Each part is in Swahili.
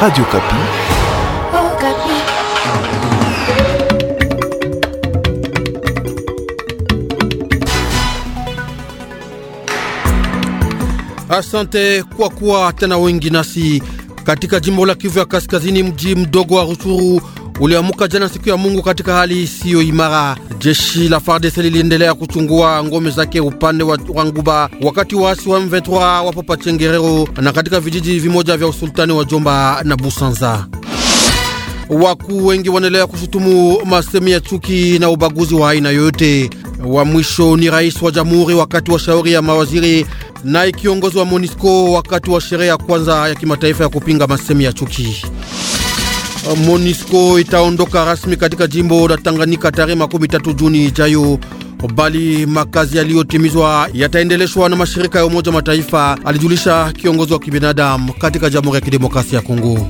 Radio Kapi. Oh, Kapi. Asante kwa kuwa tena wengi nasi katika jimbo la Kivu ya Kaskazini, mji mdogo wa rusuru uliamuka jana siku ya Mungu katika hali isiyo imara. Jeshi la FARDC liliendelea kuchungua ngome zake upande wa Nguba, wakati waasi wa M23 wapo Pachengerero na katika vijiji vimoja vya usultani wa Jomba na Busanza. Wakuu wengi wanaendelea kushutumu masemi ya chuki na ubaguzi wa aina yoyote. Wa mwisho ni rais wa jamhuri wakati wa shauri ya mawaziri na kiongozi wa MONUSCO wakati wa sherehe ya kwanza ya kimataifa ya kupinga masemi ya chuki. Uh, monisco itaondoka rasmi katika jimbo la Tanganyika tarehe 13 Juni ijayo, bali makazi yaliyotimizwa yataendeleshwa na mashirika ya Umoja Mataifa, alijulisha kiongozi wa kibinadamu katika Jamhuri ya Kidemokrasia ya Kongo.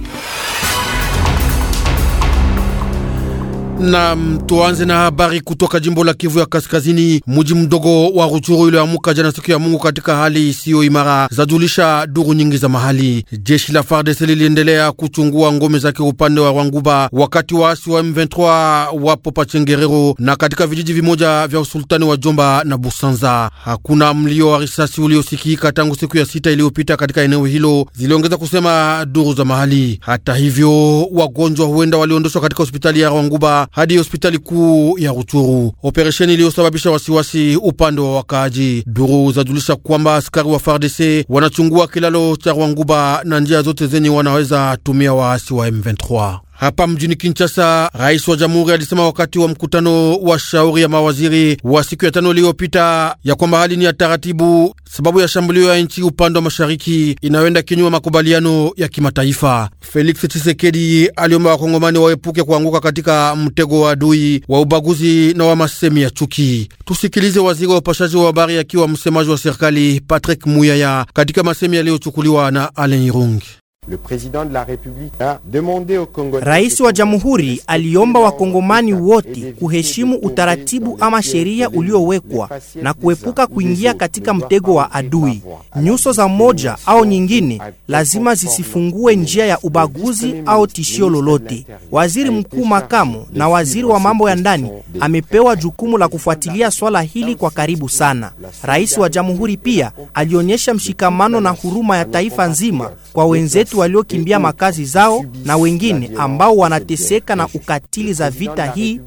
na tuanze na habari kutoka jimbo la Kivu ya Kaskazini. Mji mdogo wa Ruchuru ulioamuka jana siku ya Mungu katika hali isiyo imara, zajulisha duru nyingi za mahali. Jeshi la FARDC e liliendelea kuchungua ngome zake upande wa Rwanguba, wakati waasi wa M23 wapo Pachengerero na katika vijiji vimoja vya usultani wa Jomba na Busanza. Hakuna mlio wa risasi uliosikika tangu siku ya sita iliyopita katika eneo hilo, ziliongeza kusema duru za mahali. Hata hivyo, wagonjwa huenda waliondoshwa katika hospitali ya Rwanguba hadi hospitali kuu ya Ruchuru, operesheni iliyosababisha wasiwasi upande wa wakaaji. Duru zajulisha kwamba askari wa FARDC wanachungua kilalo cha Rwanguba na njia zote zenye wanaweza tumia waasi wa M23. Hapa mjini Kinshasa, rais wa jamhuri alisema wakati wa mkutano wa shauri ya mawaziri wa siku ya tano iliyopita ya kwamba hali ni ya taratibu sababu ya shambulio ya nchi upande wa mashariki inayoenda kinyuma makubaliano ya kimataifa. Felix Tshisekedi aliomba wakongomani waepuke kuanguka katika mtego wa adui wa ubaguzi na wa masemi ya chuki. Tusikilize waziri wa upashaji wa habari akiwa msemaji wa serikali Patrick Muyaya katika masemi yaliyochukuliwa na Alain Irungi. Le président de la République a demandé au Congo. Rais wa Jamhuri aliomba wakongomani wote kuheshimu utaratibu ama sheria uliowekwa na kuepuka kuingia katika mtego wa adui. Nyuso za moja au nyingine lazima zisifungue njia ya ubaguzi au tishio lolote. Waziri Mkuu makamu na waziri wa mambo ya ndani amepewa jukumu la kufuatilia swala hili kwa karibu sana. Rais wa Jamhuri pia alionyesha mshikamano na huruma ya taifa nzima kwa wenzetu watu waliokimbia makazi zao na wengine ambao wanateseka na ukatili za vita hii.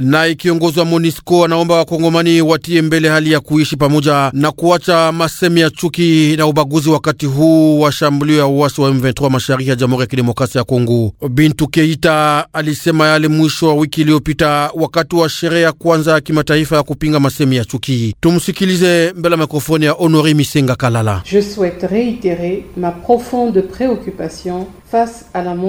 Naye kiongozi wa MONUSCO anaomba wakongomani watie mbele hali ya kuishi pamoja na kuacha masemi ya chuki na ubaguzi wakati huu wa shambulio ya uasi wa M23 mashariki ya Jamhuri ya Kidemokrasia ya Kongo. Bintu Keita alisema yale mwisho wa wiki iliyopita wakati wa sherehe ya kwanza ya kimataifa ya kupinga masemi ya chuki. Tumsikilize mbele ya mikrofoni ya Honori Misenga Kalala. Je souhaite reiterer ma profonde preoccupation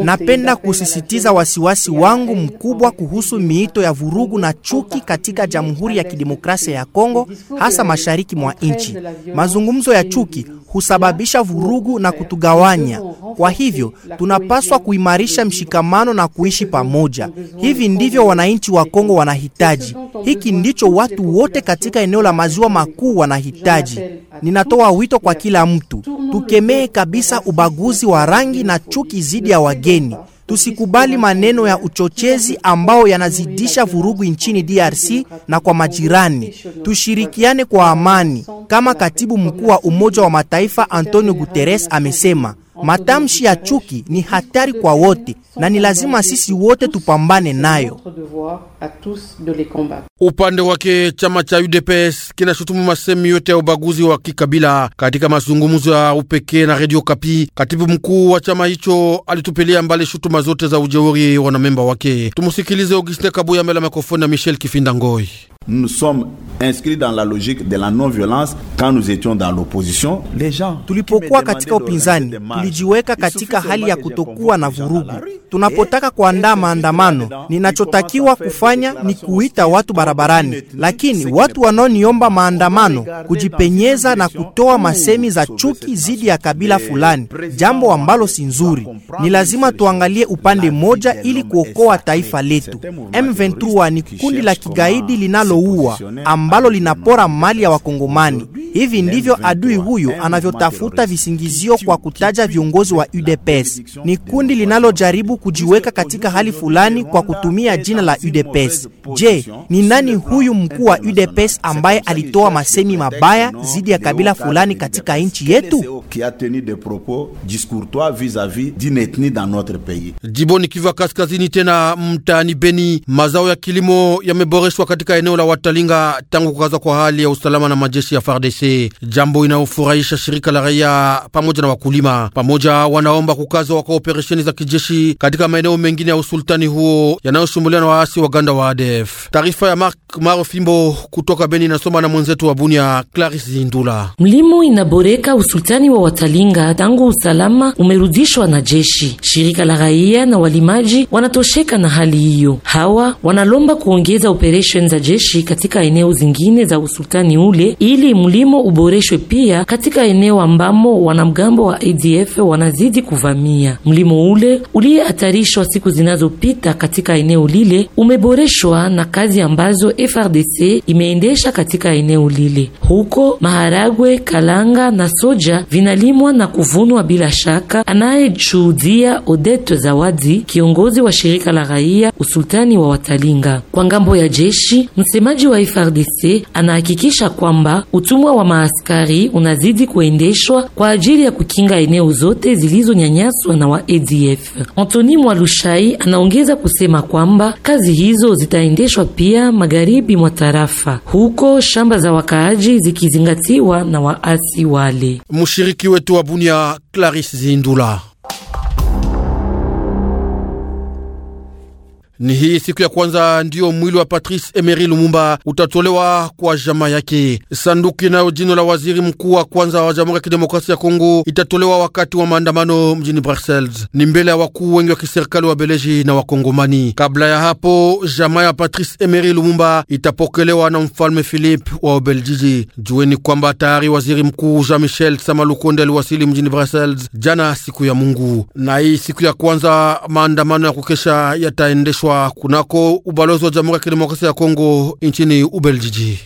Napenda kusisitiza wasiwasi wangu mkubwa kuhusu miito ya vurugu na chuki katika Jamhuri ya Kidemokrasia ya Kongo, hasa mashariki mwa nchi. Mazungumzo ya chuki husababisha vurugu na kutugawanya. Kwa hivyo, tunapaswa kuimarisha mshikamano na kuishi pamoja. Hivi ndivyo wananchi wa Kongo wanahitaji. Hiki ndicho watu wote katika eneo la Maziwa Makuu wanahitaji. Ninatoa wito kwa kila mtu, tukemee kabisa ubaguzi wa rangi na chuki dhidi ya wageni. Tusikubali maneno ya uchochezi ambao yanazidisha vurugu nchini DRC na kwa majirani. Tushirikiane kwa amani, kama katibu mkuu wa Umoja wa Mataifa Antonio Guterres amesema. Matamshi ya chuki ni hatari kwa wote na ni lazima sisi wote tupambane nayo. Upande wake chama cha UDPS kinashutumu masemi yote ya ubaguzi wa kikabila. Katika mazungumzo ya upekee na Radio Kapi, katibu mkuu wa chama hicho alitupilia mbali shutuma zote za ujeuri wanamemba wake. Tumusikilize Augustin Kabuya mbele ya mikrofoni na Michel Kifinda Ngoi nous sommes inscrits dans la logique de la non-violence quand nous étions dans l'opposition les gens tulipokuwa katika upinzani tulijiweka katika hali ya kutokuwa na vurugu tunapotaka kuandaa maandamano ninachotakiwa kufanya ni kuita watu barabarani lakini watu wanaoniomba maandamano kujipenyeza na kutoa masemi za chuki dhidi ya kabila fulani jambo ambalo si nzuri ni lazima tuangalie upande moja ili kuokoa taifa letu M23 ni kundi la kigaidi linalo linaloua, ambalo linapora mali ya Wakongomani. Hivi ndivyo adui huyu anavyotafuta visingizio kwa kutaja viongozi wa UDPS. Ni kundi linalojaribu kujiweka katika hali fulani kwa kutumia jina la UDPS. Je, ni nani huyu mkuu wa UDPS ambaye alitoa masemi mabaya zidi ya kabila fulani katika nchi yetu? Jiboni Kivu Kaskazini, tena mtaani Beni, mazao ya kilimo yameboreshwa katika eneo la Watalinga tangu kukazwa kwa hali ya usalama na majeshi ya FARDC, jambo inayofurahisha shirika la raia pamoja na wakulima. Pamoja wanaomba kukazwa kwa operesheni za kijeshi katika maeneo mengine ya usultani huo yanayoshumbuliwa na waasi Waganda wa ADF. Taarifa ya Mark Marofimbo kutoka Beni inasoma na mwenzetu wa Bunia Clarisse Zindula. Mlimo inaboreka usultani wa Watalinga tangu usalama umerudishwa na jeshi. Shirika la raia na walimaji wanatosheka na hali hiyo, hawa wanalomba kuongeza operesheni za jeshi kuishi katika eneo zingine za usultani ule, ili mlimo uboreshwe pia katika eneo ambamo wanamgambo wa ADF wanazidi kuvamia. Mlimo ule uliyehatarishwa siku zinazopita katika eneo lile umeboreshwa na kazi ambazo FRDC imeendesha katika eneo lile. Huko maharagwe, kalanga na soja vinalimwa na kuvunwa bila shaka, anayeshuhudia Odette Zawadi, kiongozi wa shirika la raia usultani wa Watalinga. Kwa ngambo ya jeshi Msemaji wa FRDC anahakikisha kwamba utumwa wa maaskari unazidi kuendeshwa kwa ajili ya kukinga eneo zote zilizonyanyaswa na wa ADF. Anthony Mwalushai anaongeza kusema kwamba kazi hizo zitaendeshwa pia magharibi mwa tarafa, huko shamba za wakaaji zikizingatiwa na waasi wale. Mshiriki wetu wa Bunia Clarisse Zindula Ni hii siku ya kwanza ndiyo mwili wa Patrice Emery Lumumba utatolewa kwa jamaa yake. Sanduku inayo jina la waziri mkuu wa kwanza wa Jamhuri ya Kidemokrasia ya Kongo itatolewa wakati wa maandamano mjini Brussels, ni mbele ya wakuu wengi wa kiserikali wa Beleji na Wakongomani. Kabla ya hapo, jamaa ya Patrice Emery Lumumba itapokelewa na mfalme Philippe wa Ubeljiji. Jueni kwamba tayari waziri mkuu Jean Michel Samalukonde aliwasili mjini Brussels jana siku ya Mungu, na hii siku ya kwanza maandamano ya kukesha yataendeshwa kunako ubalozi wa Jamhuri ya Kidemokrasia ya Kongo nchini Ubeljiji.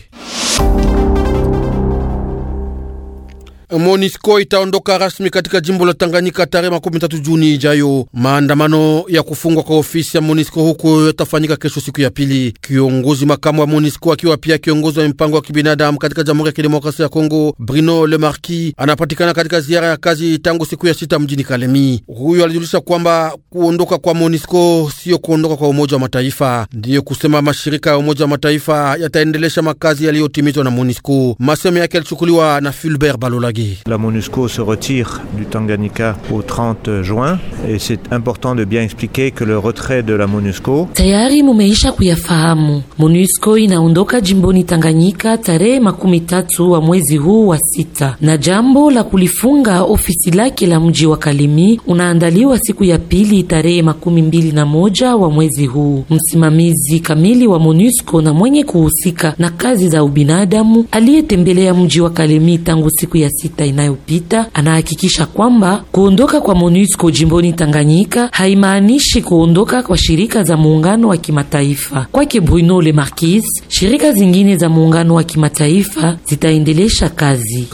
MONUSCO itaondoka rasmi katika jimbo la Tanganyika tarehe tatu Juni ijayo. Maandamano ya kufungwa kwa ofisi ya MONUSCO huko yatafanyika kesho, siku ya pili. Kiongozi makamu wa MONUSCO akiwa pia kiongozi wa mpango wa kibinadamu katika Jamhuri ya Kidemokrasia ya Kongo, Bruno Le Marquis, anapatikana katika ziara ya kazi tangu siku ya sita mjini Kalemi. Huyo alijulisha kwamba kuondoka kwa MONUSCO siyo kuondoka kwa Umoja wa Mataifa, ndiyo kusema mashirika ya Umoja wa Mataifa yataendelesha makazi yaliyotimizwa na MONUSCO. Masemo yake yalichukuliwa na Fulbert Balolagi dit. La MONUSCO se retire du Tanganyika au 30 juin et c'est important de bien expliquer que le retrait de la MONUSCO. Tayari mumeisha kuyafahamu. MONUSCO inaondoka jimboni Tanganyika tarehe makumi tatu wa mwezi huu wa sita, na jambo la kulifunga ofisi lake la mji wa Kalimi unaandaliwa siku ya pili tarehe makumi mbili na moja wa mwezi huu. Msimamizi kamili wa MONUSCO na mwenye kuhusika na kazi za ubinadamu aliyetembelea mji wa Kalimi tangu siku ya sita sita inayopita anahakikisha kwamba kuondoka kwa MONUSCO jimboni Tanganyika haimaanishi kuondoka kwa shirika za muungano wa kimataifa. Kwake Bruno Le Marquis, shirika zingine za muungano wa kimataifa zitaendelesha kazi.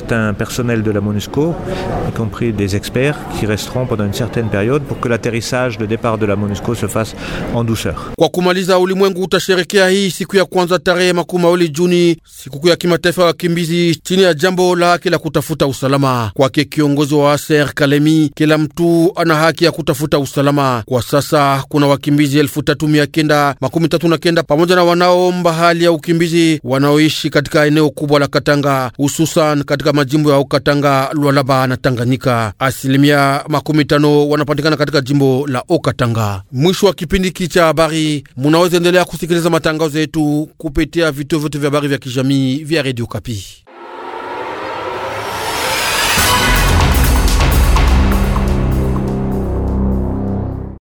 de la MONUSCO y compris des experts qui resteront pendant une certaine période pour que l'atterrissage le départ de la MONUSCO se fasse en douceur. Kwa kumaliza, ulimwengu utasherekea hii siku ya kwanza tarehe makumi mawili Juni, sikukuu ya kimataifa ya wakimbizi chini ya jambo lake la kutafuta kutafuta usalama. Kwake kiongozi wa ASER Kalemi, kila mtu ana haki ya kutafuta usalama. Kwa sasa kuna wakimbizi elfu tatu mia kenda makumi tatu na kenda pamoja na wanaoomba hali ya ukimbizi wanaoishi katika eneo kubwa la Katanga, hususan katika majimbo ya Okatanga, Lwalaba na Tanganyika. Asilimia makumi tano wanapatikana katika jimbo la Okatanga. Mwisho wa kipindi hiki cha habari, munaweza endelea kusikiliza matangazo yetu kupitia vituo vyote vya habari vya kijamii vya Radio Kapi.